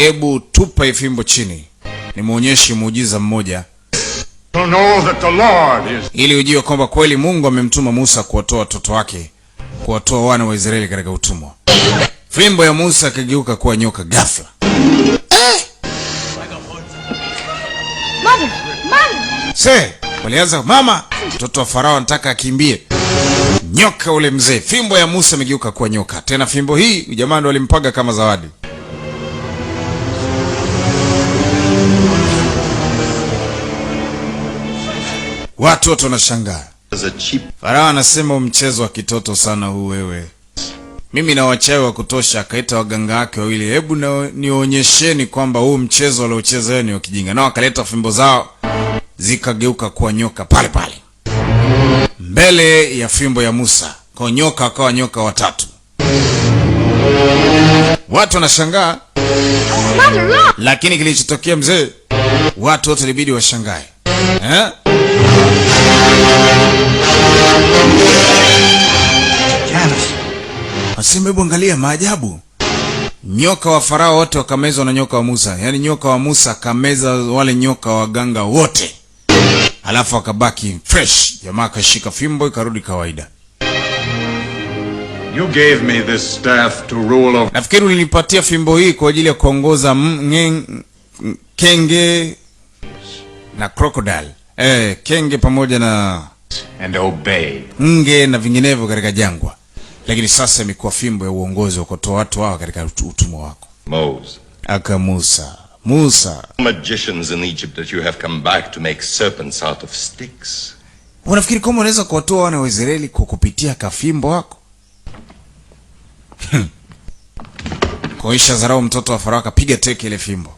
Ebu tupa ifimbo chini, nimuonyeshe muujiza mmoja is... ili ujue kwamba kweli Mungu amemtuma Musa kuwatoa watoto wake, kuwatoa wana wa Israeli katika utumwa. Fimbo ya Musa akageuka kuwa nyoka ghafla. Eh! Mother, mother. Se, walianza mama, mtoto wa Farao anataka akimbie nyoka ule mzee. Fimbo ya Musa imegeuka kuwa nyoka tena. Fimbo hii jamani, walimpaga kama zawadi. Watu wote wanashangaa. Farao anasema mchezo wa kitoto sana huu wewe. Mimi na wachawi wa kutosha. Akaita waganga wake wawili, hebu nionyesheni kwamba huu mchezo aliocheza yeye ni wa kijinga. Nao akaleta fimbo zao zikageuka kuwa nyoka pale pale mbele ya fimbo ya Musa, kwa nyoka akawa nyoka watatu. Watu wanashangaa, lakini kilichotokea mzee, watu wote ilibidi washangae eh? Janice, hebu angalia maajabu. Nyoka wa Farao wote wakamezwa na nyoka wa Musa, yaani nyoka wa Musa kameza wale nyoka waganga wote, alafu akabaki fresh. Jamaa akashika fimbo ikarudi kawaida. You gave me this staff to rule over. Nafikiri ulinipatia fimbo hii kwa ajili ya kuongoza kenge na crocodile eh, kenge pamoja na and obey, nge na vinginevyo katika jangwa, lakini sasa imekuwa fimbo ya uongozi wakotoa watu hawa katika utumwa wako. Moses aka Musa Musa, magicians in Egypt that you have come back to make serpents out of sticks. Unafikiri kama unaweza kuwatoa wana wa Israeli kwa kupitia kafimbo wako? Hmm. Koisha zarau mtoto wa Farao akapiga teke ile fimbo.